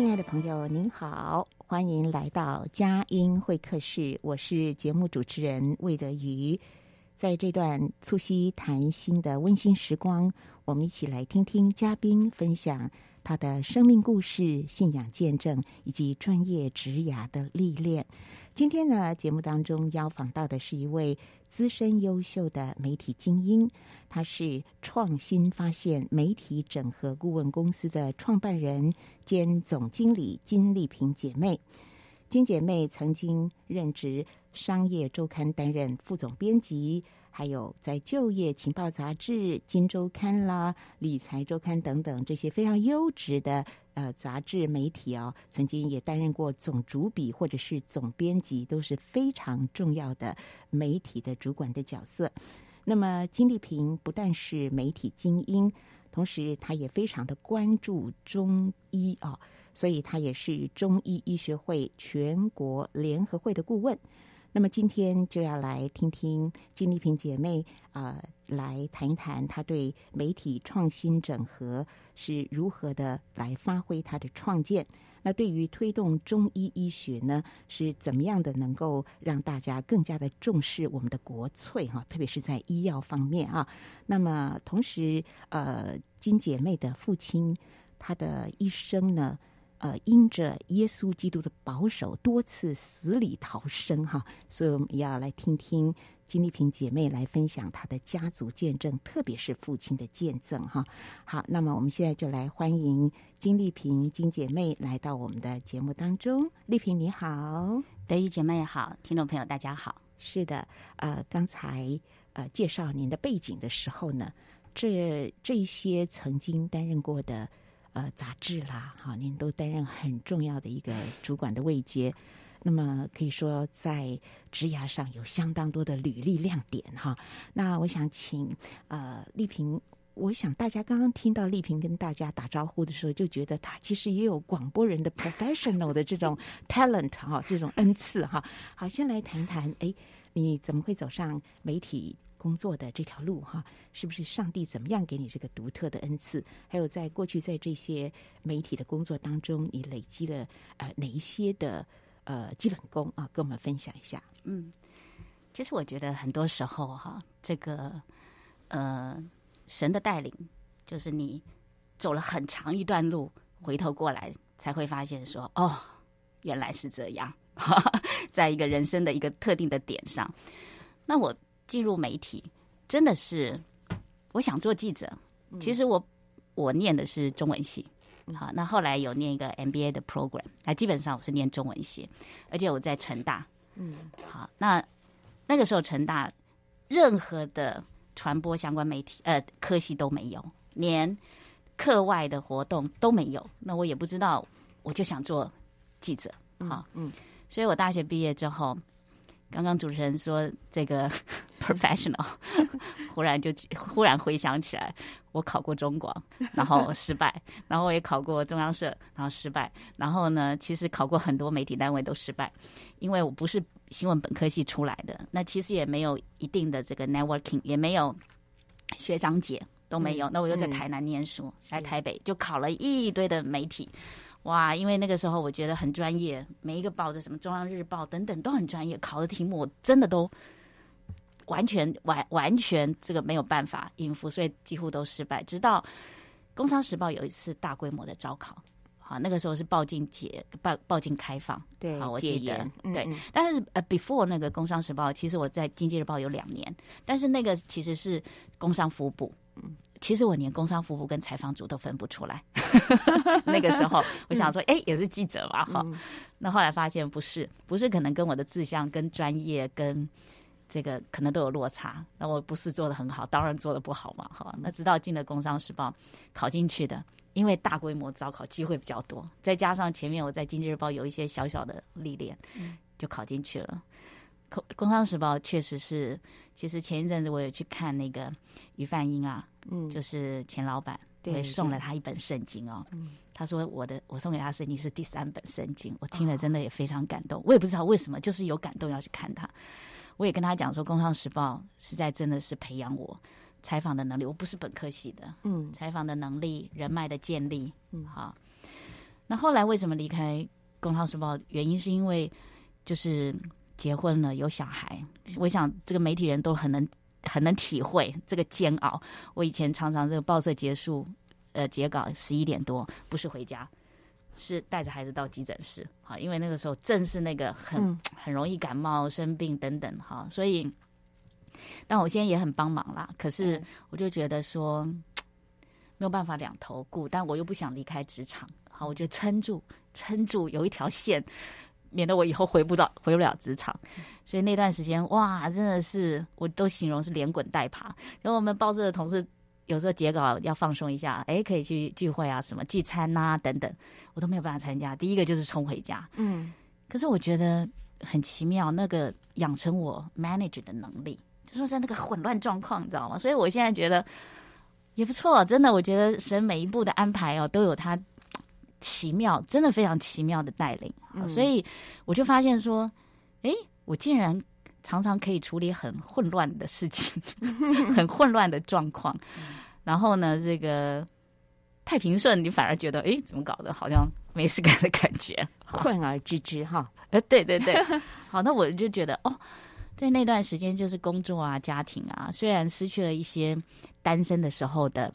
親愛的朋友，您好，歡迎來到佳音會客室。我是節目主持人魏德瑜。在這段促膝談心的溫馨時光，我們一起來聽聽嘉賓分享他的生命故事、信仰見證以及專業職涯的歷練。今天呢，節目當中邀訪到的是一位資深優秀的媒體精英，她是創新發現媒體整合顧問公司的創辦人兼總經理金麗萍姐妹。金姐妹曾經任職《商業周刊》擔任副總編輯，還有在《就業情報雜誌》《今周刊》啦、《理財周刊》等等這些非常優質的。呃，雜誌媒體哦，曾經也擔任過總主筆或者是總編輯，都是非常重要的媒體的主管的角色。那麼金麗萍不但是媒體精英，同時她也非常的關注中醫啊、哦，所以她也是中醫醫學會全國聯合會的顧問。那麼今天就要來聽聽金麗萍姐妹啊、呃，來談一談她對媒體創新整合是如何的來發揮她的創見。那對於推動中醫醫學呢，是怎麼樣的能夠讓大家更加的重視我們的國粹哈？特別是在醫藥方面啊。那麼同時，呃，金姐妹的父親，他的一生呢？呃，因着耶穌基督的保守，多次死裡逃生，哈，所以我們要來聽聽金麗萍姐妹來分享她的家族見證，特別是父親的見證，哈。好，那麼我們現在就來歡迎金麗萍金姐妹來到我們的節目當中。麗萍你好，德玉姐妹好，聽眾朋友大家好。是的，呃，剛才呃介紹您的背景的時候呢，這這一些曾經擔任過的。呃，雜誌啦，哈，您都擔任很重要的一個主管的位階，那麼可以說在職涯上有相當多的履歷亮點哈。那我想請呃麗萍，我想大家剛剛聽到麗萍跟大家打招呼的時候，就覺得她其實也有廣播人的 professional 的這種 talent 哈，這種恩賜哈。好，先來談一談，誒，你怎麼會走上媒體？工作的這條路哈，是不是上帝怎麼樣給你這個獨特的恩賜？還有在過去在這些媒體的工作當中，你累積了呃哪一些的呃基本功啊？跟我們分享一下。嗯，其實我覺得很多時候哈，這個呃神的帶領，就是你走了很長一段路，回頭過來才會發現說哦，原來是這樣哈哈。在一個人生的一個特定的點上，那我。進入媒體真的是，我想做記者。其實我我念的是中文系，嗯，好，那後來有念一個 MBA 的 program，那基本上我是念中文系，而且我在成大，嗯，好，那那個時候成大任何的傳播相關媒體呃科系都沒有，連課外的活動都沒有，那我也不知道，我就想做記者，好，嗯，嗯，所以我大學畢業之後。剛剛主持人說這個 professional，忽然就忽然回想起來，我考過中廣，然後失敗，然後我也考過中央社，然後失敗，然後呢，其實考過很多媒體單位都失敗，因為我不是新聞本科系出來的，那其實也沒有一定的這個 networking，也沒有學長姐，都沒有，嗯、那我又在台南念書，嗯、來台北就考了一堆的媒體。哇，因為那個時候我覺得很專業，每一個報的什麼中央日報等等都很專業，考的題目我真的都完全完完全這個沒有辦法應付，所以幾乎都失敗。直到《工商時報》有一次大規模的招考，啊，那個時候是報禁解報報禁開放，對，好、啊，我記得，嗯嗯對。但是呃、uh，before 那個《工商時報》，其實我在《經濟日報》有兩年，但是那個其實是工商服務部，嗯。其實我連工商服務跟採訪組都分不出來 那個時候我想說，哎、 嗯欸，也是記者嘛哈。那後來發現不是，不是可能跟我的志向、跟專業、跟這個可能都有落差。那我不是做得很好，當然做得不好嘛哈。那直到進了《工商時報》，考進去的，因為大規模招考機會比較多，再加上前面我在《經濟日報》有一些小小的歷練，就考進去了。嗯工商時報確實是，其實前一陣子我有去看那個余範英啊，嗯，就是前老闆，也送了他一本聖經哦，他說我的，我送給他的聖經是第三本聖經，嗯，我聽了真的也非常感動啊，我也不知道為什麼，就是有感動要去看他，我也跟他講說，工商時報實在真的是培養我採訪的能力，我不是本科系的，嗯，採訪的能力，人脈的建立，嗯，好啊，那後來為什麼離開工商時報？原因是因為就是。結婚了，有小孩。我想這個媒體人都很能很能體會這個煎熬。我以前常常這個報社結束，呃，截稿十一點多，不是回家，是帶着孩子到急診室。好，因為那個時候正是那個很、嗯、很容易感冒生病等等哈，所以，但我現在也很幫忙啦。可是我就覺得說、嗯、沒有辦法兩頭顧，但我又不想離開職場。好，我就撐住，撐住，有一條線。免得我以後回不到、回不了職場，所以那段時間哇，真的是我都形容是連滾帶爬。然後我們報社的同事有時候截稿啊，要放鬆一下，哎，可以去聚會啊，什麼聚餐啊等等，我都沒有辦法參加。第一個就是衝回家，嗯。可是我覺得很奇妙，那個養成我 manage 的能力，就說是在那個混亂狀況，你知道嗎？所以我現在覺得也不錯，真的，我覺得神每一步的安排哦，都有他。奇妙，真的非常奇妙的帶領、嗯，所以我就發現說，哎、欸，我竟然常常可以處理很混亂的事情， 很混亂的狀況、嗯。然後呢，這個太平順，你反而覺得，哎、欸，怎麼搞的？好像沒事幹的感覺，混而知之哈、呃。對對對，好，那我就覺得， 哦，在那段時間，就是工作啊，家庭啊，雖然失去了一些單身的時候的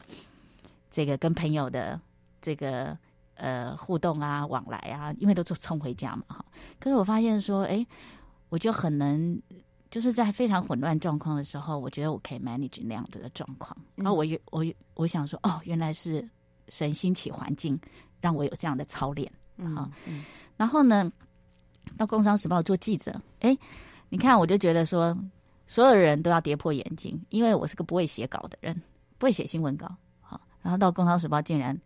這個跟朋友的這個。呃，互動啊，往來啊，因為都衝衝回家嘛，哈、哦。可是我發現說，哎，我就很能，就是在非常混亂狀況的時候，我覺得我可以 manage 那樣子的狀況。嗯、然後我我我，我想說，哦，原來是神興起環境，讓我有這樣的操練，好、哦嗯嗯。然後呢，到《工商時報》做記者，哎，你看，我就覺得說，所有人都要跌破眼鏡，因為我是個不會寫稿的人，不會寫新聞稿，哦、然後到《工商時報》竟然。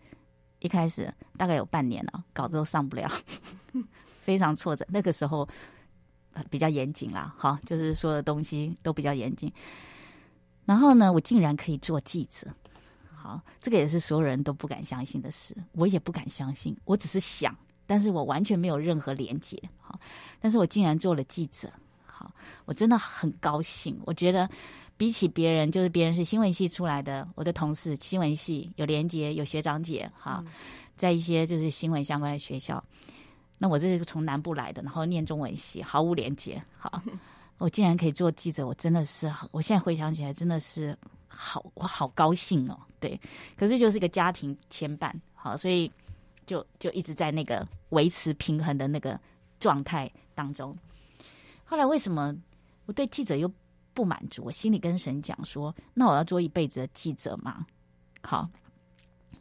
一開始大概有半年了，稿子都上不了，非常挫折。那個時候比較嚴謹啦，好，就是說的東西都比較嚴謹。然後呢，我竟然可以做記者，好，這個也是所有人都不敢相信的事，我也不敢相信，我只是想，但是我完全沒有任何連接，好，但是我竟然做了記者，好，我真的很高興，我覺得。比起別人，就是別人是新聞系出來的，我的同事新聞系有連接，有學長姐哈，在一些就是新聞相關的學校。那我這個從南部來的，然後念中文系，毫無連接。好，我竟然可以做記者，我真的是，我現在回想起來真的是好，我好高興哦。對，可是就是一個家庭牽絆，好，所以就就一直在那個維持平衡的那個狀態當中。後來為什麼我對記者又？不滿足，我心裡跟神講說：“那我要做一輩子的記者嘛？”好，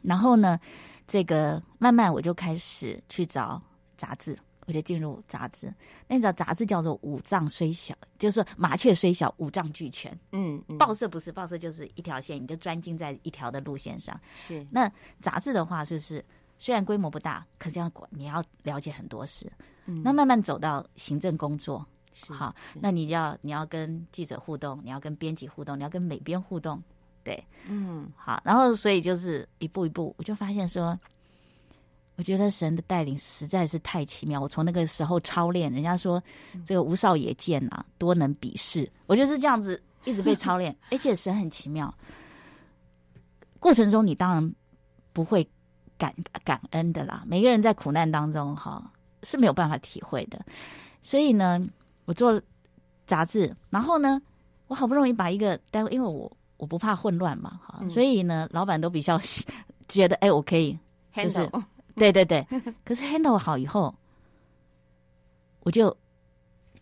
然後呢，這個慢慢我就開始去找雜誌，我就進入雜誌。那你知道雜誌叫做《五臟雖小》，就是麻雀雖小，五臟俱全。嗯，嗯，報社不是，報社就是一條線，你就鑽進在一條的路線上。是那雜誌的話是，就是雖然規模不大，可是要管你要了解很多事、嗯。那慢慢走到行政工作。是是好，那你要你要跟記者互動，你要跟編輯互動，你要跟美編互動，對，嗯，好，然後所以就是一步一步，我就發現說，我覺得神的帶領實在是太奇妙。我從那個時候操練，人家說這個吾少也賤、啊嗯、多能鄙事，我就是這樣子一直被操練， 而且神很奇妙。過程中你當然不會感感恩的啦，每個人在苦難當中哈是沒有辦法體會的，所以呢。我做雜誌，然後呢，我好不容易把一個單位，因為我，我我不怕混亂嘛，啊嗯、所以呢，老板都比較覺得，哎、欸，我可以，就是，handle, 對對對、嗯，可是 handle 好以後， 我就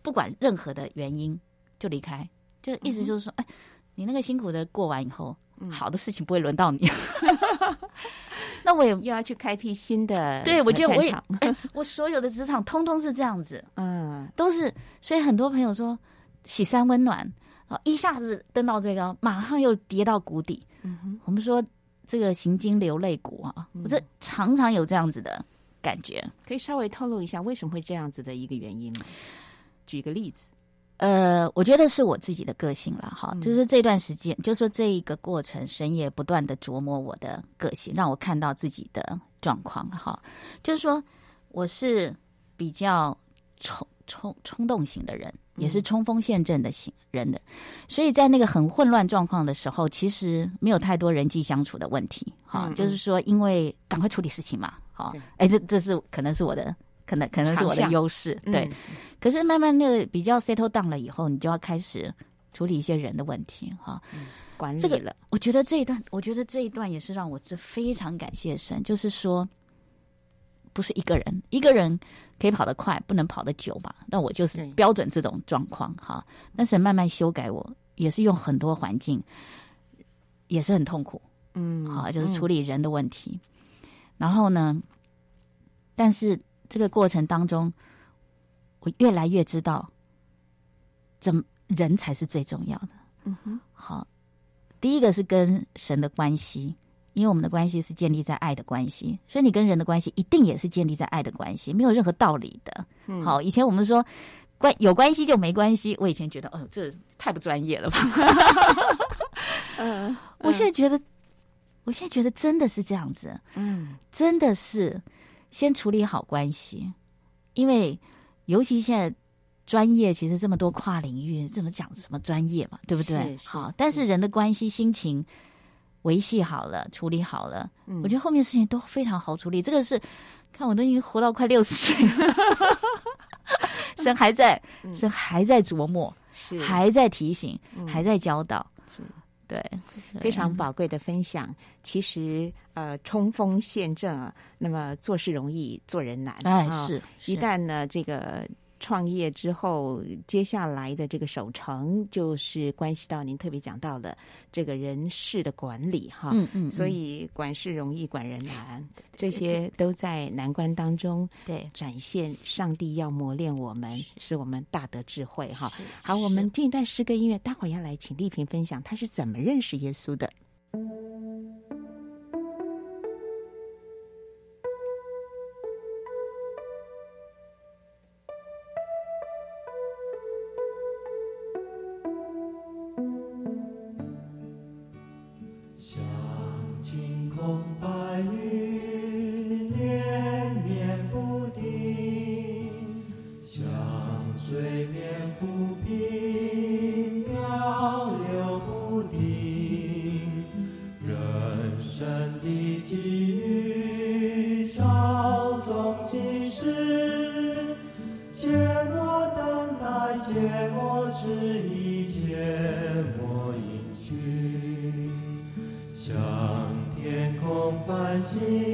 不管任何的原因就離開，就意思就是說，哎、嗯欸，你那個辛苦的過完以後，嗯、好的事情不會輪到你。 那我也又要去開闢新的戰場，對我覺得我也、 哎、我所有的職場通通是這樣子，嗯，都是。所以很多朋友說洗三溫暖啊，一下子登到最高，馬上又跌到谷底。嗯哼，我們說這個行經流淚谷啊、嗯，我這常常有這樣子的感覺。可以稍微透露一下為什麼會這樣子的一個原因嗎？舉個例子。呃，我覺得是我自己的個性了哈，就是這段時間，嗯、就是、說這一個過程，深夜不斷的琢磨我的個性，讓我看到自己的狀況哈，就是說我是比較衝衝衝動型的人，也是衝鋒陷陣的型人的、嗯，所以在那個很混亂狀況的時候，其實沒有太多人際相處的問題哈嗯嗯，就是說因為趕快處理事情嘛哈，哎，這這是可能是我的。可能可能是我的優勢、嗯，對。可是慢慢那個比較 settle down 了以後，你就要開始處理一些人的問題，哈。管理了。這個、我覺得這一段，我覺得這一段也是讓我這非常感謝神，就是說，不是一個人，一個人可以跑得快，不能跑得久吧？那我就是標準這種狀況，哈。但是慢慢修改我，我也是用很多環境，也是很痛苦，嗯，好，就是處理人的問題。嗯、然後呢，但是。這個過程當中，我越來越知道，怎人才是最重要的。嗯哼，好，第一個是跟神的關係，因為我們的關係是建立在愛的關係，所以你跟人的關係一定也是建立在愛的關係，沒有任何道理的。嗯、好，以前我們說關有關係就沒關係，我以前覺得哦、呃，這太不專業了吧 嗯。嗯，我現在覺得，我現在覺得真的是這樣子。嗯，真的是。先處理好關係，因為尤其現在專業其實這麼多跨領域，怎麼講什麼專業嘛，對不對？好，但是人的關係、心情維繫好了，處理好了、嗯，我覺得後面事情都非常好處理。這個是看我都已經活到快六十歲了，神 還在，神還在琢磨，是、嗯、還在提醒、嗯，還在教導。是對、就是，非常寶貴的分享。其實，呃，衝鋒陷陣啊，那麼做事容易，做人難。哎、哦，是，一旦呢，這個。創業之後，接下來的這個守成，就是關係到您特別講到的這個人事的管理，嗯、哈，嗯嗯，所以管事容易，管人難，嗯，這些都在難關當中對展現，上帝要磨練我們，使我們大得智慧，哈。好，我們聽一段詩歌音樂，待會兒要來請麗萍分享，她是怎麼認識耶穌的。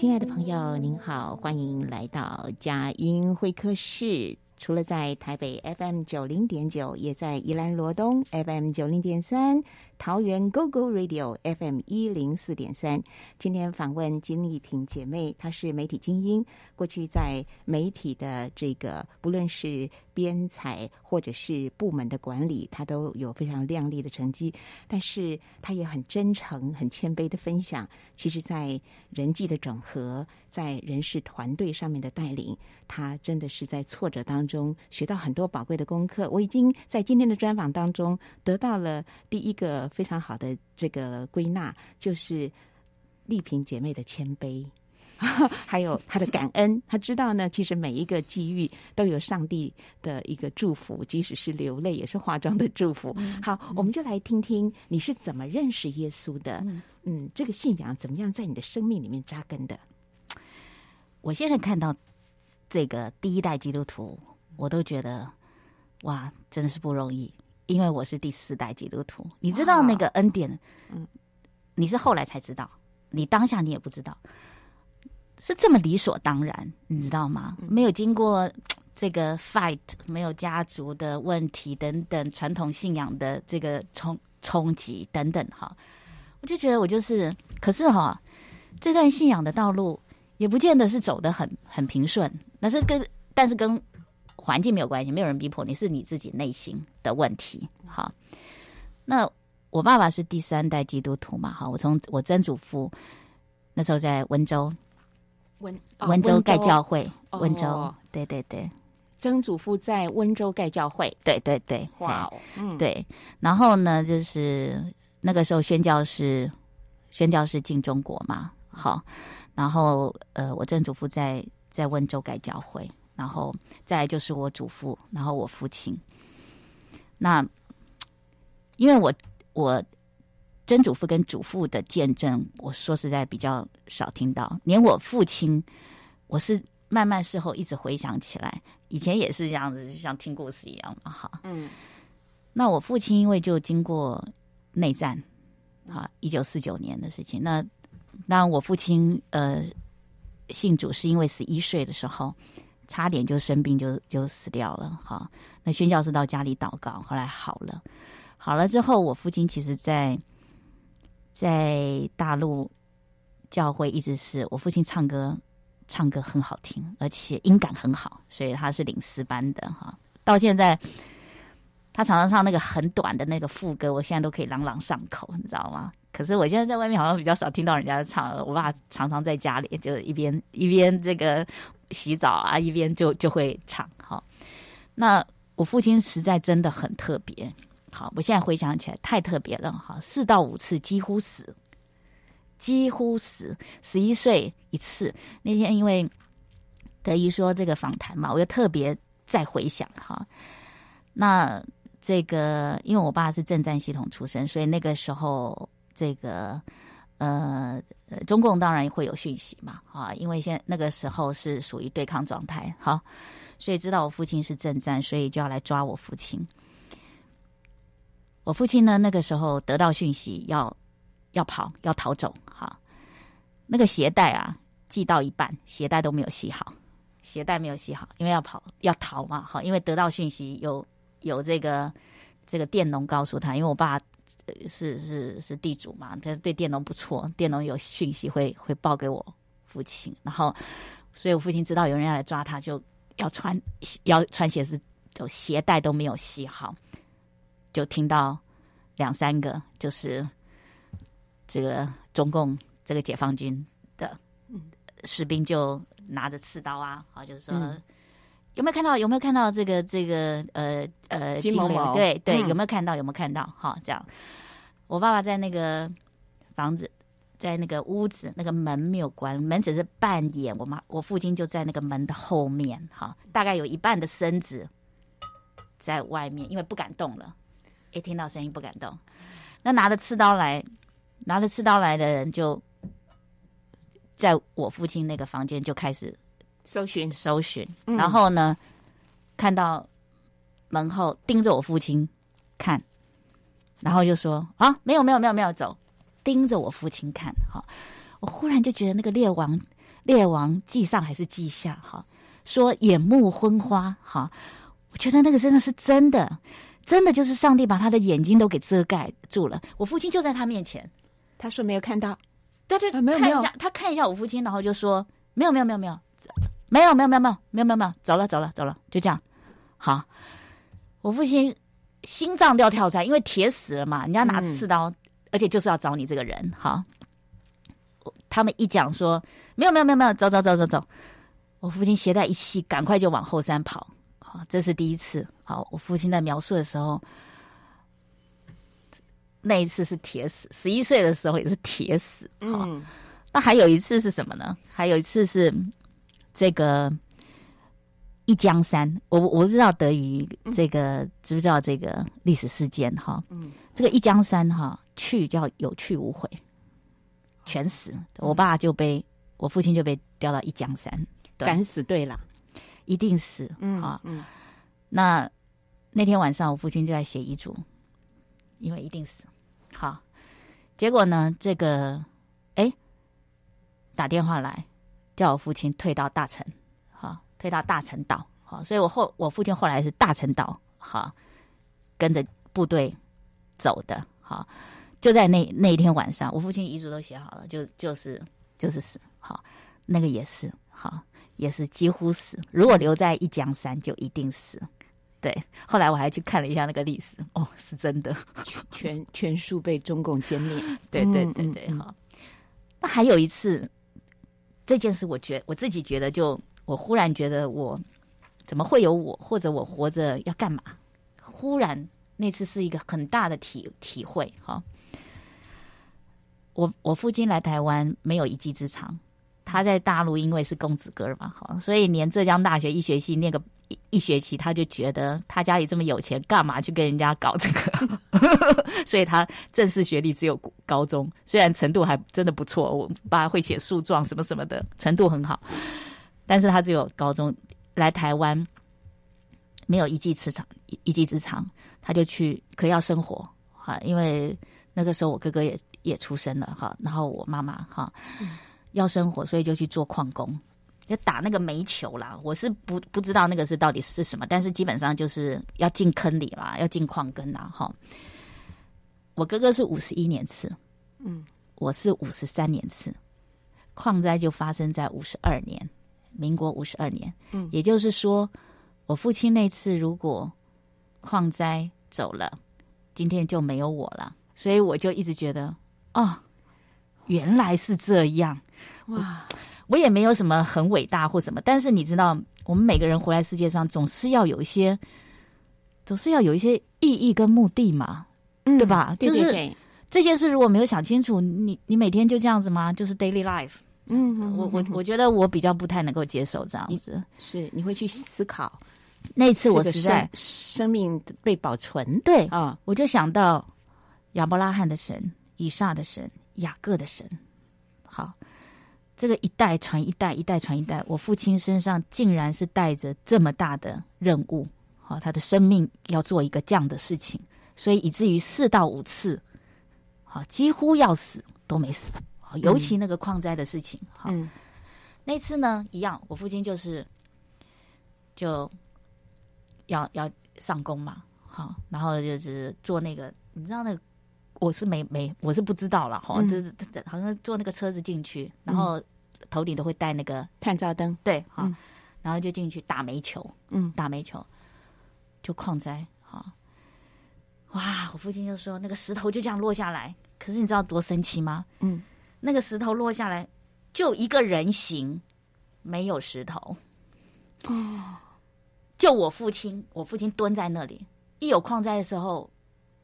親愛的朋友，您好，歡迎來到佳音會客室。除了在台北 FM 九零點九，也在宜蘭羅東 FM 九零點三。桃園 GO GO Radio FM 一零四點三，今天訪問金麗萍姐妹，她是媒體精英，過去在媒體的這個不論是編採或者是部門的管理，她都有非常亮麗的成績。但是她也很真誠、很謙卑的分享，其實，在人際的整合、在人事團隊上面的帶領，她真的是在挫折當中學到很多寶貴的功課。我已經在今天的專訪當中得到了第一個。非常好的這個歸納，就是麗萍姐妹的謙卑， 還有她的感恩。 她知道呢，其實每一個機遇都有上帝的一個祝福，即使是流淚也是化妝的祝福。嗯、好，我們就來聽聽你是怎麼認識耶穌的。嗯，嗯，這個信仰怎麼樣在你的生命裡面紮根的？我現在看到這個第一代基督徒，我都覺得哇，真的是不容易。因為我是第四代基督徒，你知道那個恩典，嗯，你是後來才知道，你當下你也不知道，是這麼理所當然，你知道嗎？沒有經過這個 fight，沒有家族的問題等等，傳統信仰的這個衝衝擊等等，哈，我就覺得我就是，可是哈，這段信仰的道路也不見得是走得很很平順，那是跟，但是跟。環境沒有關係，沒有人逼迫你，是你自己內心的問題。好，那我爸爸是第三代基督徒嘛。好，我從我曾祖父那時候在溫州溫、哦、溫州，溫州蓋教會，哦、溫州對對對，曾祖父在溫州蓋教會，對對對，對哇、哦，嗯，對，然後呢，就是那個時候宣教士宣教士進中國嘛，好，然後呃，我曾祖父在在溫州蓋教會。然後再就是我祖父，然後我父親。那因為我我曾祖父跟祖父的見證，我說實在比較少聽到，連我父親，我是慢慢事後一直回想起來，以前也是這樣子，就像聽故事一樣嘛，哈，嗯。那我父親因為就經過內戰啊，一九四九年的事情，那那我父親呃信主是因為十一歲的時候。差點就生病就，就就死掉了哈。那宣教士到家裡禱告，後來好了。好了之後，我父親其實在在大陸教會一直是我父親唱歌，唱歌很好聽，而且音感很好，所以他是領詩班的哈。到現在，他常常唱那個很短的那個副歌，我現在都可以朗朗上口，你知道嗎？可是我現在在外面好像比較少聽到人家的唱。我爸常常在家裡，就一邊一邊這個。洗澡啊，一邊就就會唱。好，那我父親實在真的很特別。好，我現在回想起來太特別了哈，四到五次幾乎死，幾乎死。十一歲一次，那天因為德一說這個訪談嘛，我又特別再回想哈。那這個因為我爸是政戰系統出身，所以那個時候這個。呃，呃，中共當然會有訊息嘛，啊，因為現那個時候是屬於對抗狀態，好，所以知道我父親是政戰，所以就要來抓我父親。我父親呢，那個時候得到訊息要，要要跑，要逃走，哈，那個鞋帶啊，繫到一半，鞋帶都沒有繫好，鞋帶沒有繫好，因為要跑要逃嘛，好，因為得到訊息有有這個這個佃農告訴他，因為我爸。是是是地主嘛？他對佃農不錯，佃農有訊息會會報給我父親，然後，所以我父親知道有人要來抓他，就要穿要穿鞋子，就鞋帶都沒有繫好，就聽到兩三個，就是這個中共這個解放軍的士兵就拿着刺刀啊，好，就是說。嗯有沒有看到？有沒有看到這個這個呃呃金毛毛？對對、嗯，有沒有看到？有沒有看到？好，這樣，我爸爸在那個房子，在那個屋子，那個門沒有關，門只是半掩。我媽，我父親就在那個門的後面，哈，大概有一半的身子在外面，因為不敢動了，一、欸、聽到聲音不敢動。那拿着刺刀來，拿着刺刀來的人就在我父親那個房間就開始。搜尋，搜尋，然後呢、嗯，看到門後盯着我父親看，然後就說：“啊，沒有，沒有，沒有，沒有走。”盯着我父親看，哈，我忽然就覺得那個列王，列王記上還是記下，哈，說眼目昏花，哈，我覺得那個真的是真的，真的就是上帝把他的眼睛都給遮蓋住了。我父親就在他面前，他說沒有看到，他就看一下，啊、他看一下我父親，然後就說：“沒有，沒有，沒有，沒有。”沒有沒有沒有沒有沒有沒有沒有走了走了走了，就這樣，好，我父親心臟都要跳出來，因為鐵死了嘛，人家拿刺刀、嗯，而且就是要找你這個人，好，他們一講說沒有沒有沒有沒有走走走走走，我父親攜帶一氣，趕快就往後山跑，好，這是第一次，好，我父親在描述的時候，那一次是鐵死，十一歲的時候也是鐵死，好，嗯，那還有一次是什麼呢？還有一次是。這個一江山，我我不知道德語，這個、嗯、知不知道這個歷史事件哈、嗯？這個一江山哈，去叫有去無回，全死，嗯、我爸就被我父親就被調到一江山，對，敢死隊了，一定死，嗯啊、嗯，嗯，那那天晚上我父親就在寫遺囑，因為一定死，好，結果呢，這個哎打電話來。叫我父親退到大陳，好、哦，退到大陳島，好、哦，所以我後我父親後來是大陳島，好、哦，跟着部隊走的，好、哦，就在那那一天晚上，我父親遺囑都寫好了，就就是就是死，好、哦，那個也是好、哦，也是幾乎死，如果留在一江山，就一定死。對。後來我還去看了一下那個歷史，哦，是真的，全 全，全數被中共殲滅、嗯，對對對對，好、哦。那還有一次。這件事我覺得我自己覺得就，就我忽然覺得我怎麼會有我，或者我活着要幹嘛？忽然那次是一個很大的體體會，哈、哦。我我父親來台灣沒有一技之長，他在大陸因為是公子哥嘛，好、哦，所以連浙江大學醫學系那個。一學期，他就覺得他家裡這麼有錢，幹嘛去跟人家搞這個？ 所以他正式學歷只有高中，雖然程度還真的不錯，我爸會寫訴狀什麼什麼的，程度很好，但是他只有高中，來台灣沒有一技之長，一，一技之長，他就去，可要生活哈，因為那個時候我哥哥也也出生了哈，然後我媽媽哈要生活，所以就去做礦工。就打那個煤球啦，我是不不知道那個是到底是什麼，但是基本上就是要進坑裡啦，要進礦坑啦。哈。我哥哥是五十一年次，嗯，我是五十三年次，礦災就發生在五十二年，民國五十二年，嗯，也就是說，我父親那次如果礦災走了，今天就沒有我了，所以我就一直覺得，哦，原來是這樣，哇。我也沒有什麼很偉大或什麼，但是你知道，我們每個人活在世界上，總是要有一些，總是要有一些意義跟目的嘛，嗯、對吧？就是對對對，這些事如果沒有想清楚，你你每天就這樣子嗎？就是 daily life 嗯哼哼哼哼。嗯，我我我覺得我比較不太能夠接受這樣子。是，你會去思考。那次我實在、這個、生命被保存，對啊、哦，我就想到亞伯拉罕的神、以撒的神、雅各的神。好。這個一代傳一代，一代傳一代，我父親身上竟然是帶着這麼大的任務，好，他的生命要做一個這樣的事情，所以以至於四到五次，好，幾乎要死都沒死，尤其那個礦災的事情，哈、嗯、那次呢一樣，我父親就是就要要上工嘛，好，然後就是做那個，你知道那個。我是沒沒我是不知道了哈、嗯，就是好像坐那個車子進去，然後頭頂都會帶那個探照燈，對，哈、嗯，然後就進去打煤球，嗯，打煤球就礦災，哈，哇，我父親就說那個石頭就這樣落下來，可是你知道多神奇嗎？嗯，那個石頭落下來就一個人形，沒有石頭，哦、嗯，就我父親，我父親蹲在那裡，一有礦災的時候。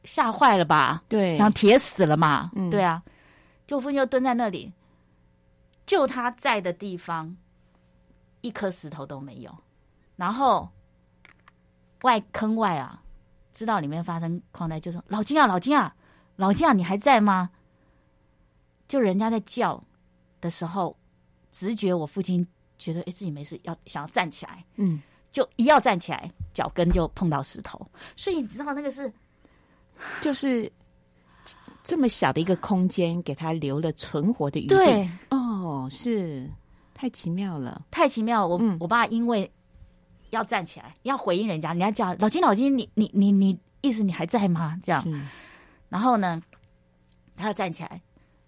嚇壞了吧？對，想鐵死了嘛，嗯。對啊，就父親就蹲在那裡，就他在的地方，一顆石頭都沒有。然後外坑外啊，知道裡面發生礦難，就說：“老金啊，老金啊，老金啊，你還在嗎？”就人家在叫的時候，直覺我父親覺得哎、欸，自己沒事，要想要站起來，嗯，就一要站起來，腳跟就碰到石頭，所以你知道那個是。就是這麼小的一個空間，給他留了存活的餘地。對，哦，是太奇妙了，太奇妙。我、嗯、我爸因為要站起來，要回應人家，人家叫老金，老金，老金你，你你你你，你，意思你還在嗎？這樣，然後呢，他要站起來，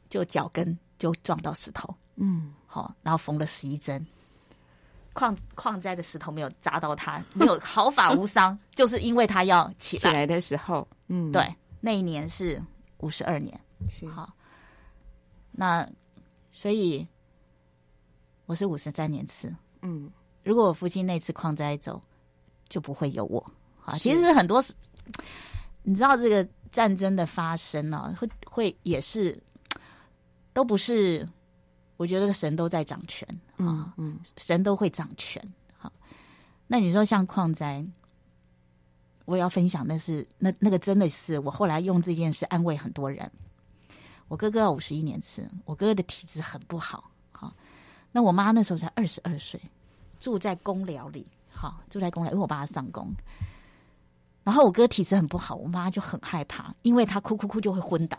就腳跟就撞到石頭，嗯，好，然後縫了十一針。礦礦災的石頭沒有砸到他，沒有毫髮無傷， 就是因為他要起來，起來的時候，嗯，對，那一年是五十二年是，好，那所以我是五十三年次，嗯，如果我父親那次礦災走，就不會有我啊。其實很多，你知道這個戰爭的發生呢、啊，會會也是，都不是，我覺得神都在掌權。啊、哦，嗯，嗯，神都會掌權。好、哦，那你說像礦災，我也要分享的是，那是那那個真的是我後來用這件事安慰很多人。我哥哥五十一年次，我哥哥的體質很不好。好、哦，那我媽那時候才二十二歲，住在公寮裡，好、哦、住在公寮，因為我爸爸上工，然後我哥體質很不好，我媽就很害怕，因為他哭哭哭就會昏倒。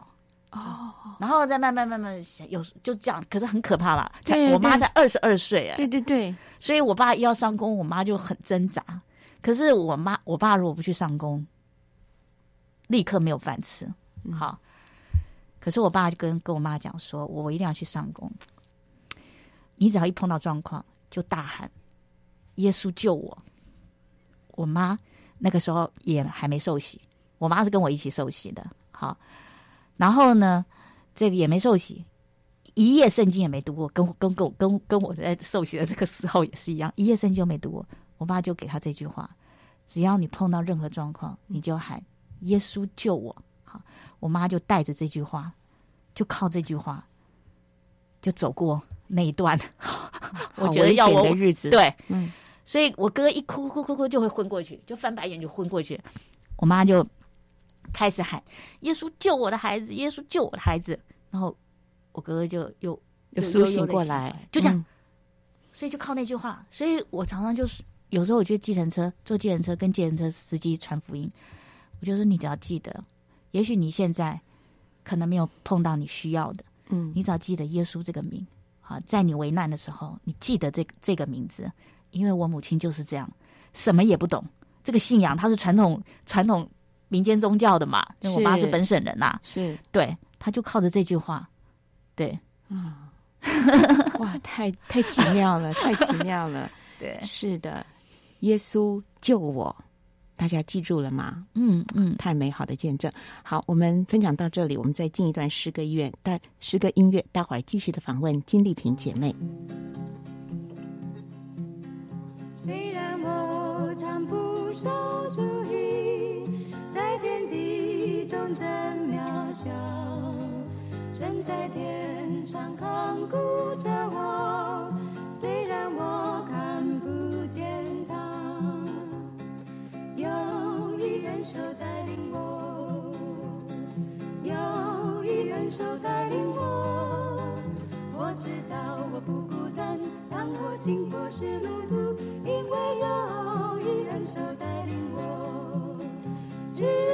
哦。然後再慢慢慢慢想，有時就這樣，可是很可怕吧？對對對我媽才二十二歲、欸，哎，對對對，所以我爸要上工，我媽就很掙扎。可是我媽，我爸如果不去上工，立刻沒有飯吃。嗯、好，可是我爸就跟跟我媽講說：“我一定要去上工，你只要一碰到狀況，就大喊耶穌救我。”我媽那個時候也還沒受洗，我媽是跟我一起受洗的。好，然後呢？這個也沒受洗，一夜聖經也沒讀過，跟跟跟跟跟我在受洗的這個時候也是一樣，一夜聖經都沒讀過。我爸就給他這句話：只要你碰到任何狀況，你就喊耶穌救我。好，我媽就帶着這句話，就靠這句話，就走過那一段 我覺得要我的日子。對、嗯，所以我哥一哭哭哭哭就會昏過去，就翻白眼就昏過去。我媽就。開始喊：“耶穌救我的孩子，耶穌救我的孩子。”然後我哥哥就又又甦醒過來，就這樣、嗯。所以就靠那句話。所以我常常就是有時候我去計程車，坐計程車跟計程車司機傳福音。我就說：“你只要記得，也許你現在可能沒有碰到你需要的，嗯，你只要記得耶穌這個名啊，好，在你為難的時候，你記得這個、這個名字。因為我母親就是這樣，什麼也不懂，這個信仰它是傳統傳統。”民間宗教的嘛，因為我媽是本省人吶、啊，是，對，他就靠着這句話，對，啊、嗯、哇，太太奇妙了，太奇妙了， 妙了 對，是的，耶穌救我，大家記住了嗎？嗯嗯，太美好的見證。好，我們分享到這裡，我們再進一段詩歌音樂，待詩歌音樂，待會兒繼續的訪問金麗萍姐妹。真渺小，神在天上看顧着我，雖然我看不見他。有一人手帶領我，有一人手帶領我，我知道我不孤單。當我行過是路途，因為有一人手帶領我。只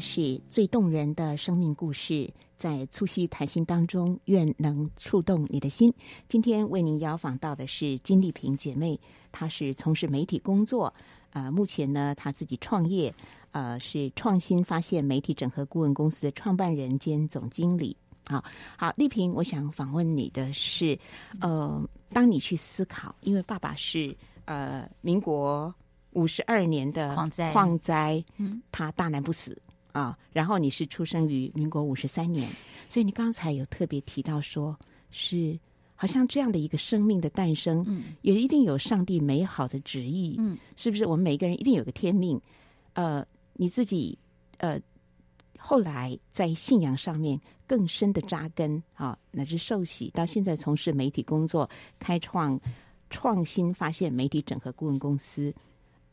是最動人的生命故事，在促膝談心當中，願能觸動你的心。今天為您邀訪到的是金麗萍姐妹，她是從事媒體工作，呃，目前呢，她自己創業，呃，是創新發現媒體整合顧問公司的創辦人兼總經理。好，啊，好，麗萍，我想訪問你的是，呃，當你去思考，因為爸爸是呃，民國五十二年的礦災，礦災，嗯，他大難不死。啊，然後你是出生於民國五十三年，所以你剛才有特別提到說，是好像這樣的一個生命的誕生，嗯，也一定有上帝美好的旨意，嗯，是不是？我們每一個人一定有個天命，呃，你自己呃，後來在信仰上面更深的扎根啊，乃至受洗，到現在從事媒體工作，開創創新發現媒體整合顧問公司，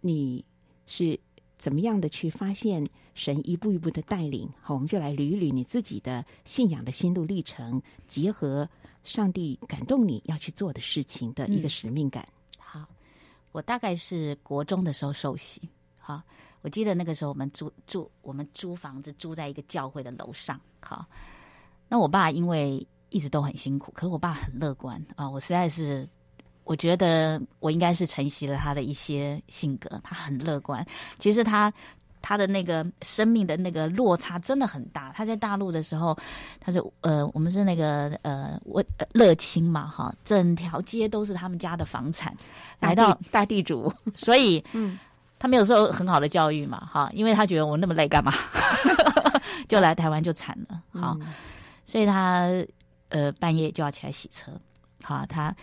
你是。怎麼樣的去發現神一步一步的帶領？好，我們就來捋一捋你自己的信仰的心路歷程，結合上帝感動你要去做的事情的一個使命感。嗯、好，我大概是國中的時候受洗。好，我記得那個時候我們租住，我們租房子租在一個教會的樓上。好，那我爸因為一直都很辛苦，可是我爸很樂觀啊、哦。我實在是。我覺得我應該是承襲了他的一些性格，他很樂觀。其實他他的那個生命的那個落差真的很大。他在大陸的時候，他是呃，我們是那個呃，我樂清嘛哈，整條街都是他們家的房產，來到大地主， 所以嗯，他沒有受很好的教育嘛哈，因為他覺得我那麼累幹嘛， 就來台灣就慘了哈、嗯，所以他呃半夜就要起來洗車，好他。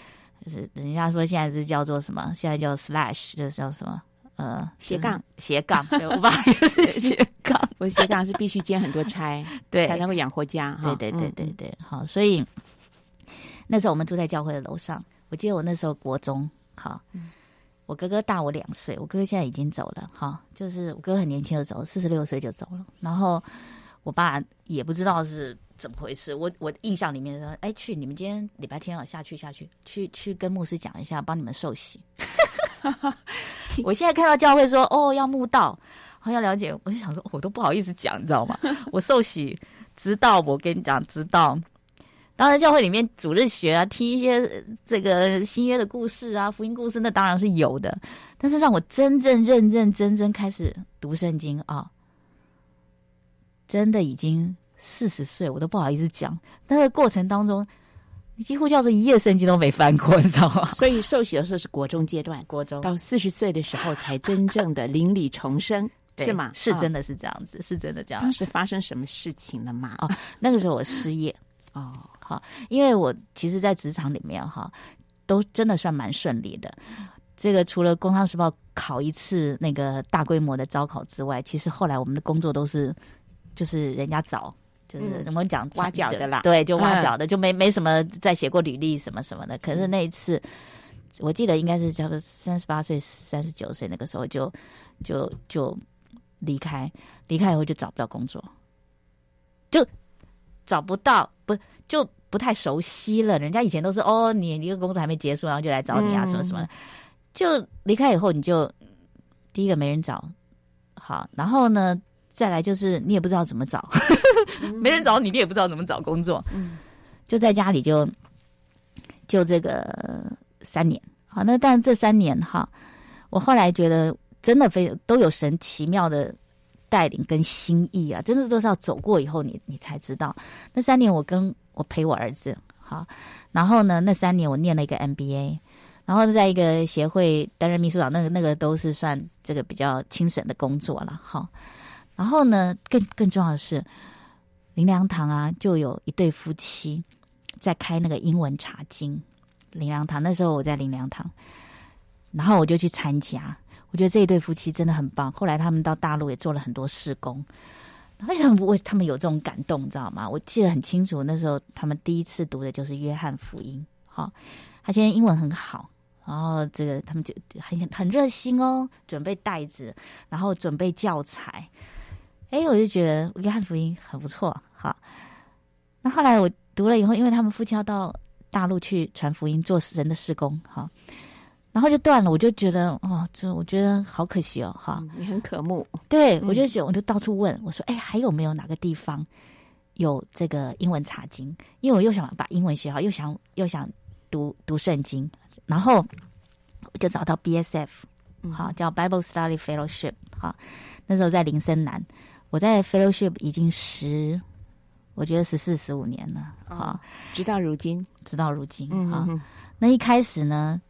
就是人家說現在是叫做什麼？現在叫 slash，就是叫什麼？呃，斜槓，斜槓。對，我爸也是斜槓，我， 斜槓笑我斜槓是必須兼很多差，對， 才能夠養活家。對對對對對，對，嗯、好。所以那時候我們住在教會的樓上。我記得我那時候國中，好，我哥哥大我兩歲。我哥哥現在已經走了，哈，就是我哥哥很年輕就走了，四十六歲就走了。然後我爸也不知道是。怎麼回事？我我印象裡面說，哎，去你們今天禮拜天啊，下去下去，下去，去去跟牧師講一下，幫你們受洗。 我現在看到教會說，哦，要慕道，好、哦，要了解，我就想說，我都不好意思講，你知道嗎？我受洗知道，我跟你講知道。當然，教會裡面主日學啊，聽一些這個新約的故事啊，福音故事，那當然是有的。但是，讓我真正認認真真開始讀聖經啊、哦，真的已經。四十歲，我都不好意思講。但、那、是、個、過程當中，你幾乎叫做一夜生機都沒翻過，你知道嗎？所以受洗的時候是國中階段，國中到四十歲的時候才真正的靈裡重生 對，是嗎？是真的是這樣子，哦、是真的這樣子。當時發生什麼事情了嗎？哦，那個時候我失業哦，好， 因為我其實，在職場裡面哈，都真的算蠻順利的。這個除了《工商時報》考一次那個大規模的招考之外，其實後來我們的工作都是就是人家找，就是能不能講挖角的啦、就是，對，就挖角的，嗯、就沒沒什麼再寫過履歷什麼什麼的。可是那一次，我記得應該是差不多三十八歲、三十九歲那個時候，就就就離開，離開以後就找不到工作，就找不到，不，就不太熟悉了。人家以前都是哦，你一個工作還沒結束，然後就來找你啊，什麼什麼的、嗯。就離開以後，你就第一個沒人找，好，然後呢？再來就是你也不知道怎麼找，嗯， 沒人找你，你也不知道怎麼找工作。嗯，就在家裡就就這個三年，好，那但是這三年哈，我後來覺得真的非常都有神奇妙的帶領跟心意啊，真的都是要走過以後你，你你才知道。那三年我跟我陪我兒子好，然後呢，那三年我念了一個 MBA，然後在一個協會擔任秘書長，那個那個都是算這個比較輕省的工作了，好。然後呢，更更重要的是，靈糧堂啊，就有一對夫妻在開那個英文查經。靈糧堂那時候我在靈糧堂，然後我就去參加。我覺得這一對夫妻真的很棒。後來他們到大陸也做了很多事工。為什麼？因為他們有這種感動，你知道嗎？我記得很清楚，那時候他們第一次讀的就是《約翰福音》哦。好，他現在英文很好。然後這個他們就很很熱心哦，準備袋子，然後準備教材。哎，我就覺得約翰福音很不錯，哈，那後來我讀了以後，因為他們父親要到大陸去傳福音、做神的事工，哈，然後就斷了。我就覺得，哦，這我覺得好可惜哦，哈、嗯。你很渴慕。對，我就覺，我就到處問，嗯、我說，哎，還有沒有哪個地方有這個英文查經？因為我又想把英文學好，又想又想讀讀聖經，然後我就找到 BSF，好，叫 Bible Study Fellowship，好，那時候在林森南。我在 fellowship 已經十，我覺得十四十五年了，好、哦，直到如今，直到如今，啊、嗯哦，那一開始呢，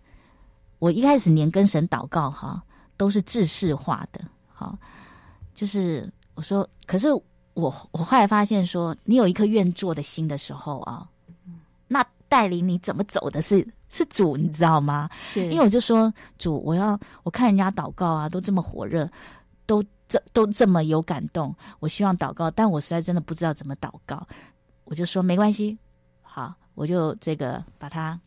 我一開始年跟神禱告哈、哦，都是制式化的，好、哦，就是我說，可是我我後來發現說，你有一顆願做的心的時候啊，那帶領你怎麼走的是是主，你知道嗎？是因為我就說主，我要我看人家禱告啊，都這麼火熱，都。這都這麼有感動，我希望禱告，但我實在真的不知道怎麼禱告。我就說沒關係，好，我就這個把它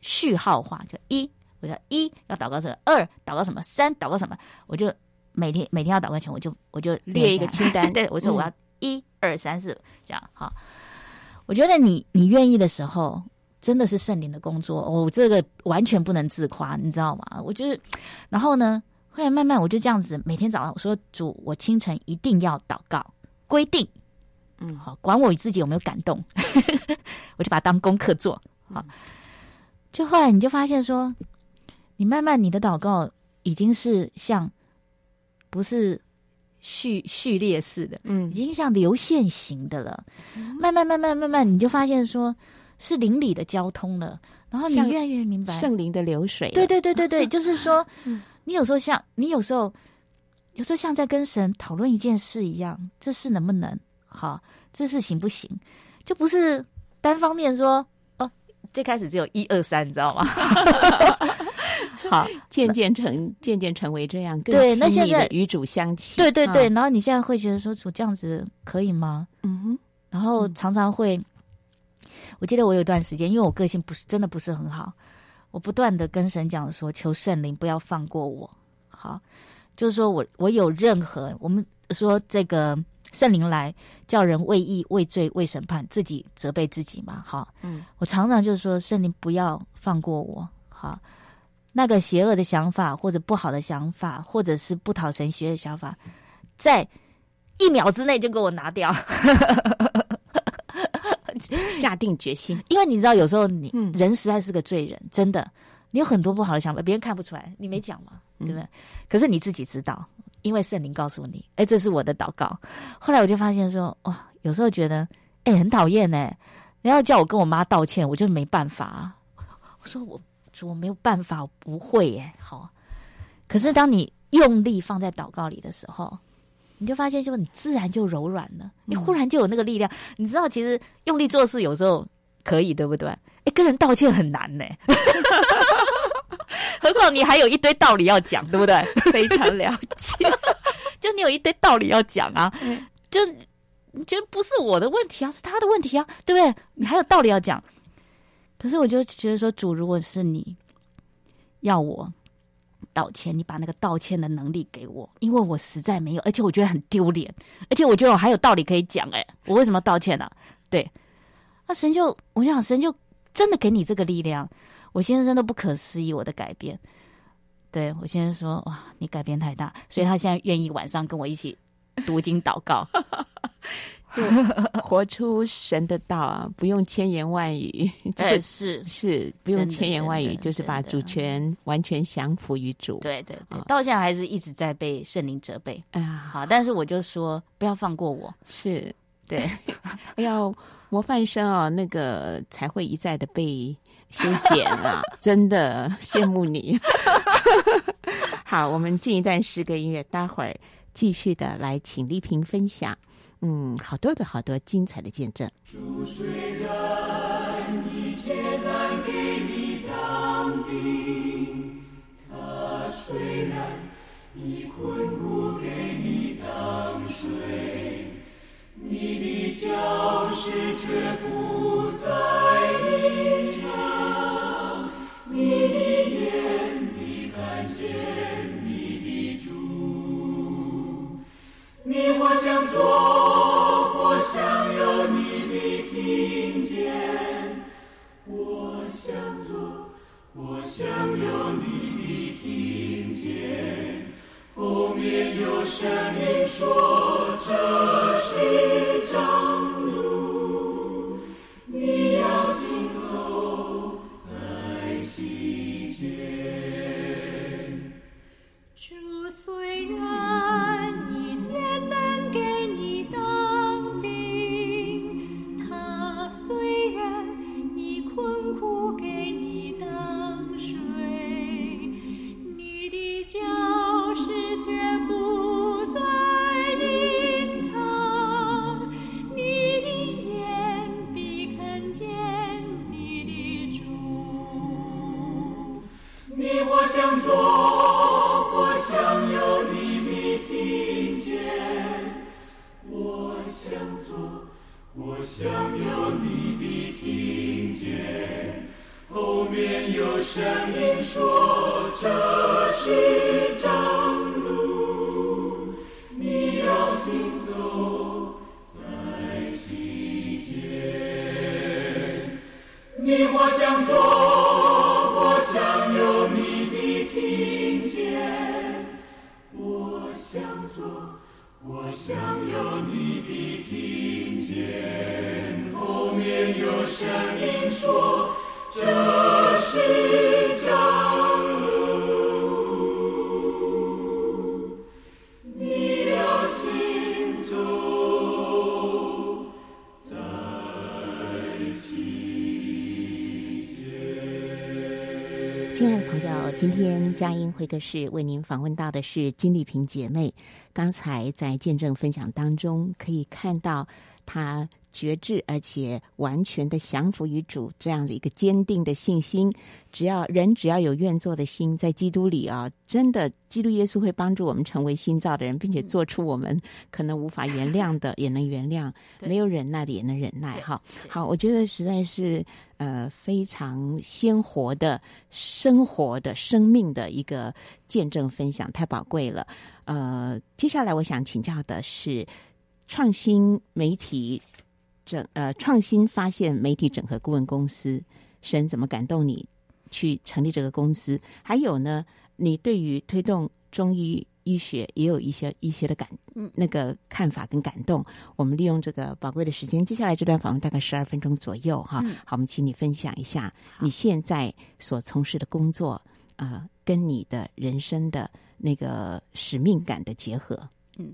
序號化，就一，我就一，要禱告什麼，二禱告什麼，三禱告什麼，我就每天每天要禱告前我，我就我就列一個清單。 對，我說我要一、二、三、四，這樣好。我覺得你你願意的時候，真的是聖靈的工作、哦。我這個完全不能自誇，你知道嗎？我覺得，然後呢？後來慢慢我就這樣子，每天早上我說主，我清晨一定要禱告，規定，嗯，好，管我自己有沒有感動呵呵，我就把它當功課做。好、嗯，就後來你就發現說，你慢慢你的禱告已經是像不是序序列式的，嗯，已經像流線型的了。嗯、慢慢慢慢慢慢，你就發現說是靈裡的交通了，然後你越來越明白聖靈的流水。對對對對對，就是說。嗯你有時候像，你有時候，有時候像在跟神討論一件事一樣，這事能不能好？這事行不行？就不是單方面說哦。最開始只有一二三，你知道嗎？ 好，漸漸成，漸漸成為這樣。更親密的對，那現在與主相契。對對對、啊，然後你現在會覺得說主這樣子可以嗎？嗯哼。然後常常會，嗯、我記得我有一段時間，因為我個性不是真的不是很好。我不斷的跟神講說，求聖靈不要放過我，好，就是說我我有任何，我們說這個聖靈來叫人為義、為罪、為審判，自己責備自己嘛，好，嗯，我常常就是說，聖靈不要放過我，好，那個邪惡的想法或者不好的想法，或者是不討神喜悅的想法，在一秒之內就給我拿掉。 下定決心，因為你知道，有時候你人實在是個罪人、嗯，真的，你有很多不好的想法，別人看不出來，你沒講嘛，嗯嗯、對不對？可是你自己知道，因為聖靈告訴你，哎、欸，這是我的禱告。後來我就發現說，哇，有時候覺得，哎、欸，很討厭哎，你要叫我跟我媽道歉，我就沒辦法。我說我，我沒有辦法，我不會哎、欸。好，可是當你用力放在禱告裡的時候。你就發現，就你自然就柔軟了，你忽然就有那個力量。嗯、你知道，其實用力做事有時候可以，對不對？哎、欸，跟人道歉很難呢、欸， 何況你還有一堆道理要講，對不對？非常了解， 就你有一堆道理要講啊，就你覺得不是我的問題啊，是他的問題啊，對不對？你還有道理要講，可是我就覺得說，主，如果是你，要我。道歉，你把那個道歉的能力給我，因為我實在沒有，而且我覺得很丟臉，而且我覺得我還有道理可以講。哎，我為什麼要道歉呢？啊。對，啊神就我想，想神就真的給你這個力量，我先生真的不可思議我的改變。對我先生說哇，你改變太大，所以他現在願意晚上跟我一起讀經禱告。 就活出神的道啊，不用千言萬語，這個 是是不用千言萬語，就是把主權完全降服於主，就是、主，主。對對對，哦，到現在還是一直在被聖靈責備。哎、呃、呀，好，但是我就說不要放過我。是，對。 哎呀，模範生啊，那個才會一再的被修剪啊， 真的羨慕你。 好，我們進一段詩歌音樂，待會兒繼續的來請麗萍分享。嗯，好多的好多精彩的見證。我想要你必聽見，後面有聲音說，這是正今天佳音會客室為您訪問到的是金麗萍姐妹。剛才在見證分享當中，可以看到她。決志而且完全的降服於主，這樣的一個堅定的信心。只要人只要有願做的心，在基督裡啊，真的，基督耶穌會幫助我們成為新造的人，並且做出我們可能無法原諒的，也能原諒；沒有忍耐的，也能忍耐。哈，好，好，我覺得實在是呃非常鮮活的生活的生命的一個見證分享，太寶貴了。呃，接下來我想請教的是創新媒體。整呃，創新發現媒體整合顧問公司，神怎麼感動你去成立這個公司？還有呢，你對於推動中醫醫學也有一些一些的感、嗯，那個看法跟感動。我們利用這個寶貴的時間，接下來這段訪問大概十二分鐘左右哈、啊嗯。好，我們請你分享一下你現在所從事的工作啊、呃，跟你的人生的那個使命感的結合。嗯，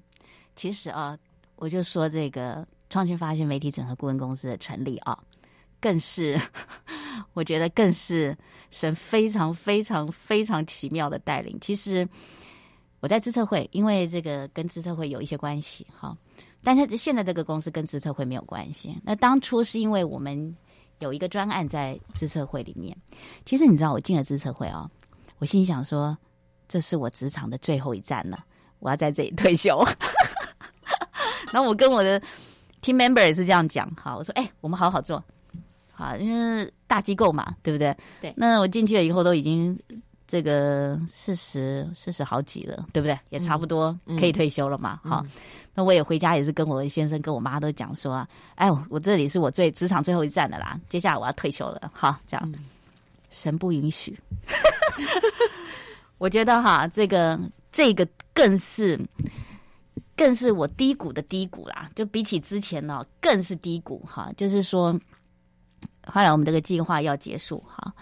其實啊，我就說這個。創新發現媒體整合顧問公司的成立啊，更是我覺得更是神非常非常非常奇妙的帶領。其實我在資策會，因為這個跟資策會有一些關係，好，但是現在這個公司跟資策會沒有關係。那當初是因為我們有一個專案在資策會裡面。其實你知道我進了資策會哦，我心裡想說，這是我職場的最後一站了，我要在這裡退休。 然後我跟我的。Team member 也是這樣講，好，我說哎、欸，我們好好做，好，因為大機構嘛，對不對？對。那我進去了以後，都已經這個四十、四十好幾了，對不對？也差不多可以退休了嘛，嗯、好、嗯。那我也回家也是跟我先生、嗯、跟我媽都講說啊，哎，我這裡是我最職場最後一站的啦，接下來我要退休了，好，這樣。嗯、神不允許。 我覺得哈，這個這個更是。更是我低谷的低谷啦，就比起之前呢、哦，更是低谷哈。就是說，後來我們這個計劃要結束哈，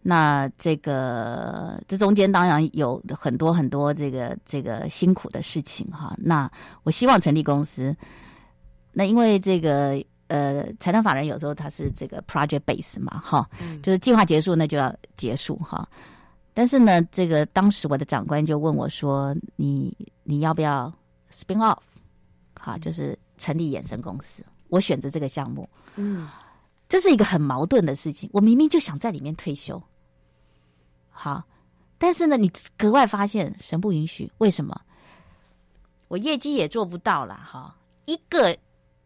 那這個這中間當然有很多很多這個這個辛苦的事情哈。那我希望成立公司，那因為這個呃，財團法人有時候他是這個 project base 嘛哈、嗯，就是計劃結束那就要結束哈。但是呢，這個當時我的長官就問我說：“你你要不要？” Spin off，好，就是成立衍生公司。嗯、我選擇這個項目，嗯，這是一個很矛盾的事情。我明明就想在裡面退休，好，但是呢，你格外發現神不允許，為什麼？我業績也做不到啦，哈，一個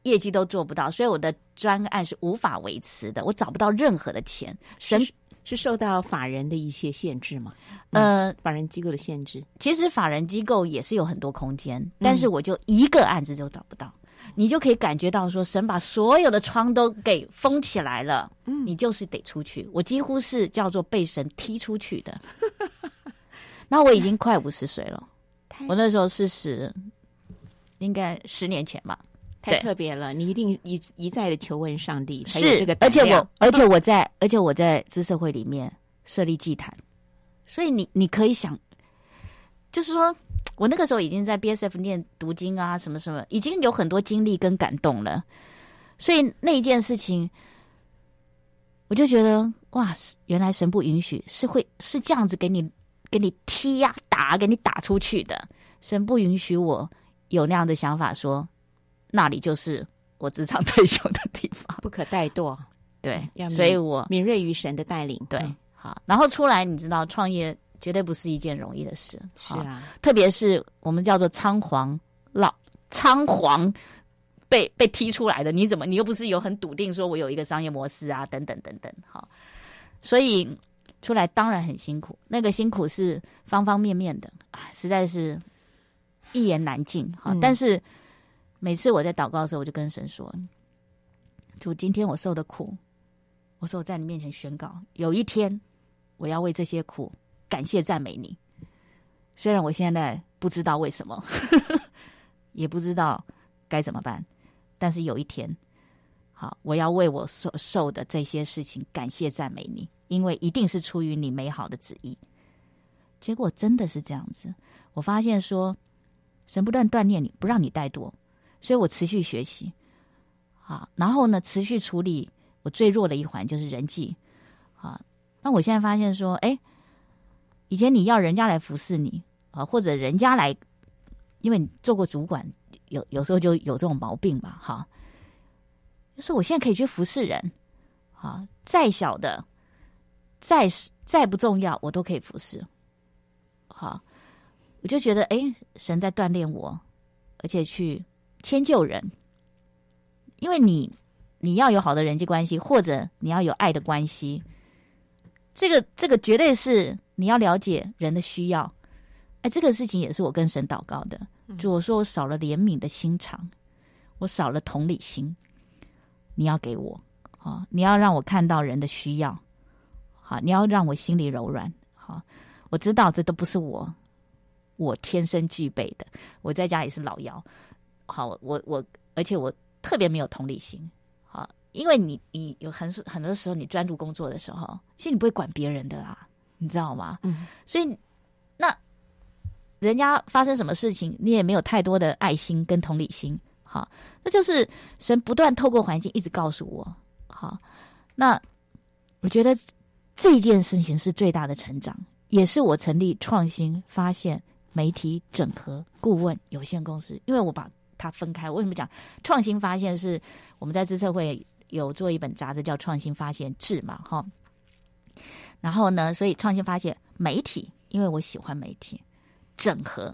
業績都做不到，所以我的專案是無法維持的，我找不到任何的錢，神。是受到法人的一些限制嗎？嗯？呃，法人機構的限制，其實法人機構也是有很多空間，但是我就一個案子都找不到，嗯，你就可以感覺到說，神把所有的窗都給封起來了，嗯，你就是得出去，我幾乎是叫做被神踢出去的。 那我已經快五十歲了， 我那時候是十，應該十年前吧。太特別了，你一定一一再的求問上帝，才有這個。而且我， 而且我在，而且我在知社會裡面設立祭壇，所以你你可以想，就是說，我那個時候已經在 BSF 念讀經啊，什麼什麼，已經有很多經歷跟感動了，所以那一件事情，我就覺得哇，原來神不允許，是會是這樣子給你給你踢呀、啊、打、啊，給你打出去的。神不允許我有那樣的想法說。那裡就是我職場退休的地方，不可怠惰。對，所以我敏銳於神的帶領。對、嗯，好，然後出來，你知道，創業絕對不是一件容易的事。是啊，特別是我們叫做倉皇老倉皇被被踢出來的，你怎麼，你又不是有很篤定說我有一個商業模式啊，等等等等。好，所以出來當然很辛苦，那個辛苦是方方面面的，實在是，一言難盡。好、嗯，但是。每次我在禱告的時候，我就跟神說：“主，今天我受的苦，我說我在你面前宣告，有一天我要為這些苦感謝讚美你。雖然我現在不知道為什麼，呵呵，也不知道該怎麼辦，但是有一天，好，我要為我受受的這些事情感謝讚美你，因為一定是出於你美好的旨意。結果真的是這樣子，我發現說神不斷鍛鍊你，不讓你怠惰。”所以我持續學習，啊，然後呢，持續處理我最弱的一環，就是人際，啊，那我現在發現說，哎，以前你要人家來服侍你啊，或者人家來，因為你做過主管，有有時候就有這種毛病嘛，哈。就是我現在可以去服侍人，啊，再小的、再再不重要，我都可以服侍，好。我就覺得，哎，神在鍛鍊我，而且去。遷就人，因為你你要有好的人際關係，或者你要有愛的關係。這個這個絕對是你要了解人的需要。哎，這個事情也是我跟神禱告的。就我說，我少了憐憫的心腸，我少了同理心。你要給我啊！你要讓我看到人的需要。好，你要讓我心裡柔軟。好，我知道這都不是我，我天生具備的。我在家也是老幺。好，我我而且我特別沒有同理心，好，因為你你有很很多時候你專注工作的時候，其實你不會管別人的啦，你知道嗎？嗯，所以那人家發生什麼事情，你也沒有太多的愛心跟同理心，好，那就是神不斷透過環境一直告訴我，好，那我覺得這件事情是最大的成長，也是我成立創新發現媒體整合顧問有限公司，因為我把。它分開，為什麼講創新發現是我們在資策會有做一本雜誌叫《創新發現誌》嘛，齁。然後呢，所以創新發現媒體，因為我喜歡媒體整合，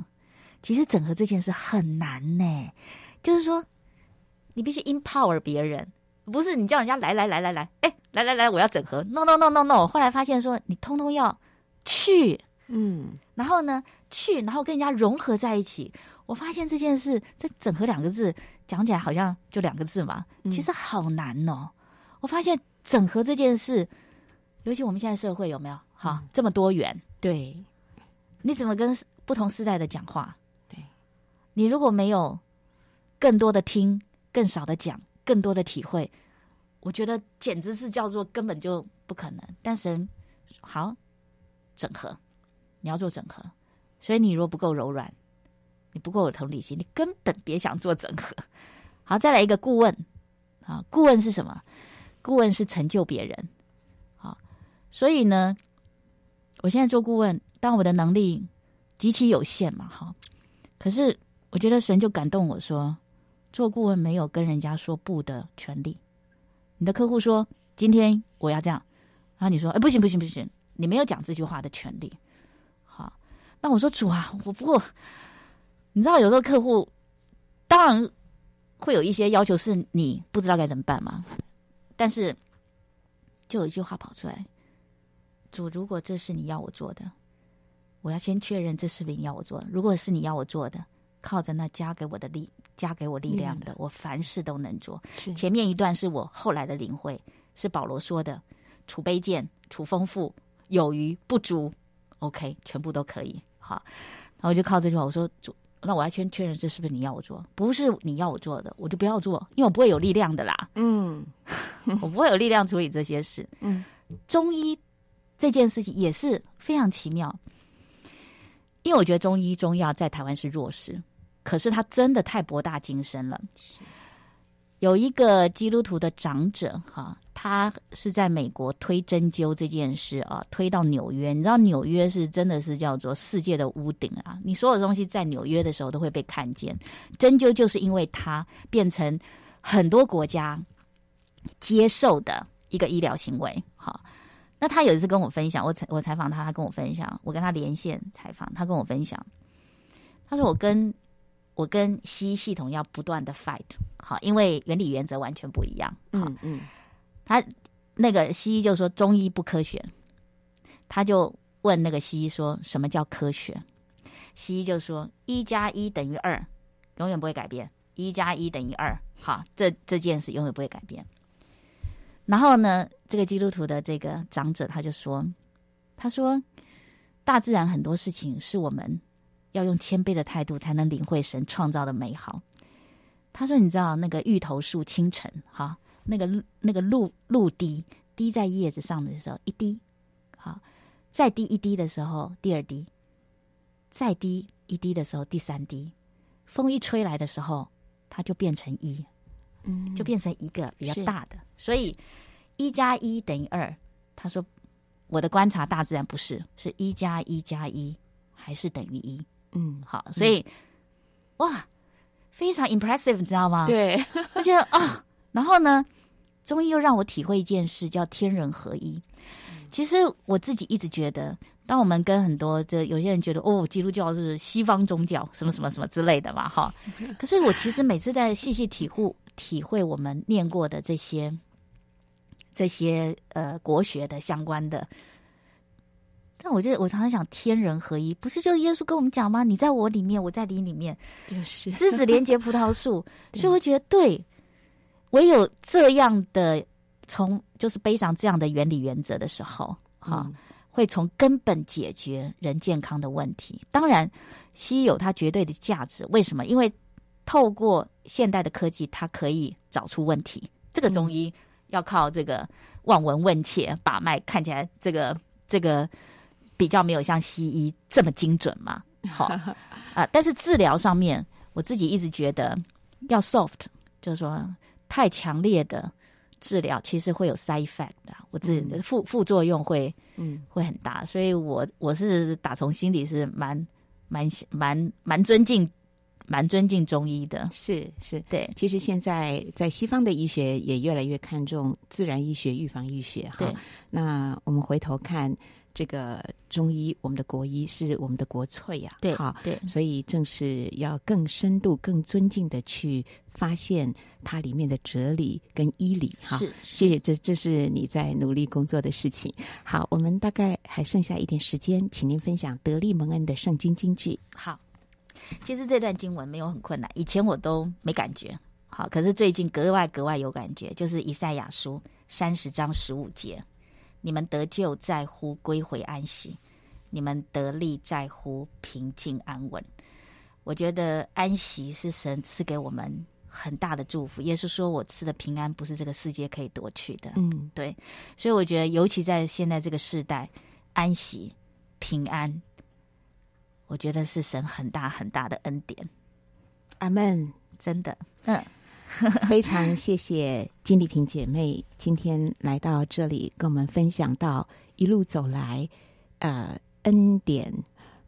其實整合這件事很難呢、欸。就是說，你必須 empower 別人，不是你叫人家來來來來來，哎、欸，來來來，我要整合。No no no no no。後來發現說，你通通要去，嗯，然後呢去，然後跟人家融合在一起。我發現這件事，這整合兩個字講起來好像就兩個字嘛、嗯，其實好難哦。我發現整合這件事，尤其我們現在社會有沒有、嗯、哈這麼多元？對，你怎麼跟不同時代的講話？對，你如果沒有更多的聽，更少的講，更多的體會，我覺得簡直是叫做根本就不可能。但是好，整合，你要做整合，所以你若不夠柔軟。不夠有同理心，你根本別想做整合。好，再來一個顧問啊，顧問是什麼？顧問是成就別人。好、啊，所以呢，我現在做顧問，但我的能力極其有限嘛，哈、啊。可是我覺得神就感動我說，做顧問沒有跟人家說不的權利。你的客戶說今天我要這樣，然、啊、後你說，哎、欸、不行不行不行，你沒有講這句話的權利。好、啊，那我說主啊，我不過……’你知道有時候客戶當然會有一些要求是你不知道該怎麼辦嗎？但是就有一句話跑出來：“主，如果這是你要我做的，我要先確認這是不是你要我做的。如果是你要我做的，靠着那加給我的力、加給我力量的，嗯、我凡事都能做。”前面一段是我後來的領會，是保羅說的：“處卑賤，處豐富，有餘不足，OK，全部都可以。”好，然後我就靠這句話，我說：“主。”那我要先確認這是不是你要我做？不是你要我做的，我就不要做，因為我不會有力量的啦。嗯， 我不會有力量處理這些事。嗯，中醫這件事情也是非常奇妙，因為我覺得中醫中藥在台灣是弱勢，可是它真的太博大精深了。有一個基督徒的長者，哈、啊，他是在美國推針灸這件事啊，推到紐約。你知道紐約是真的是叫做世界的屋頂啊，你所有東西在紐約的時候都會被看見。針灸就是因為他變成很多國家接受的一個醫療行為。哈、啊，那他有一次跟我分享，我我採訪他，他跟我分享，我跟他連線採訪，他跟我分享，他說我跟。我跟西醫系統要不斷的 fight，好，因為原理原則完全不一樣。嗯嗯，他那個西醫就說中醫不科學，他就問那個西醫說什麼叫科學？西醫就說一加一等於二，永遠不會改變。一加一等於二，好，這這件事永遠不會改變。 然後呢，這個基督徒的這個長者他就說，他說大自然很多事情是我們。要用謙卑的態度，才能領會神創造的美好。他說：“你知道那個芋頭樹清晨哈，那個、那個、那個露露滴滴在葉子上的時候，一滴，好，再滴一滴的時候，第二滴，再滴一滴的時候，第三滴。風一吹來的時候，它就變成一，嗯，就變成一個比較大的。所以一加一等於二。1 +1 他說我的觀察，大自然不是是一加一加一，還是等於一。”嗯，好，所以、嗯、哇，非常 impressive，你知道嗎？對， 我覺得啊、哦，然後呢，中醫又讓我體會一件事，叫天人合一。其實我自己一直覺得，當我們跟很多這有些人覺得哦，基督教是西方宗教，什麼什麼什麼之類的嘛，哈。 可是我其實每次在細細體會體會我們念過的這些、這些呃國學的相關的。但我就我常常想天人合一，不是就耶穌跟我們講嗎？你在我裡面，我在你裡面，就是枝子連結葡萄樹， 就我覺得對。唯有這樣的從就是背上這樣的原理原則的時候，哈、嗯啊，會從根本解決人健康的問題。當然，西醫有它絕對的價值，為什麼？因為透過現代的科技，它可以找出問題、嗯。這個中醫要靠這個望聞問切，把脈看起來、這個，這個這個。比較沒有像西醫這麼精準嘛，好啊，但是治療上面，我自己一直覺得要 soft，就是說太強烈的治療其實會有 side effect，我自己的副副作用會嗯，會很大，所以我我是打從心裡是蠻蠻蠻蠻尊敬蠻尊敬中醫的，是是，對，其實現在在西方的醫學也越來越看重自然醫學、預防醫學哈，那我們回頭看。這個中醫，我們的國醫是我們的國粹呀、啊。對，好，對，所以正是要更深度、更尊敬的去發現它裡面的哲理跟醫理。哈，是，謝謝這，這這是你在努力工作的事情好。好，我們大概還剩下一點時間，請您分享得力蒙恩的聖經金句。好，其實這段經文沒有很困難，以前我都沒感覺。好，可是最近格外格外有感覺，就是以賽亞書三十章十五節。你們得救在乎歸回安息，你們得力在乎平靜安穩。我覺得安息是神賜給我們很大的祝福。耶穌說：“我賜的平安不是這個世界可以奪去的。”嗯，對。所以我覺得，尤其在現在這個世代，安息、平安，我覺得是神很大很大的恩典。阿們真的，嗯。 非常謝謝金麗萍姐妹今天來到這裡跟我們分享到一路走來，呃，恩典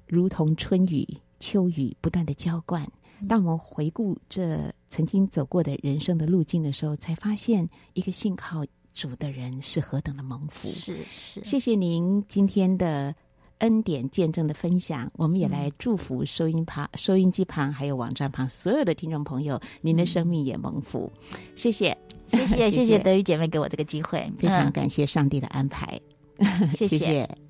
如同春雨秋雨不斷的澆灌。當我們回顧這曾經走過的人生的路徑的時候，才發現一個信靠主的人是何等的蒙福。是是，謝謝您今天的。恩典見證的分享，我們也來祝福收音旁、嗯、收音機旁還有網站旁所有的聽眾朋友，您的生命也蒙福。謝謝，謝謝， 謝，謝，謝謝德語姐妹給我這個機會，非常感謝上帝的安排，嗯、 謝謝。謝謝。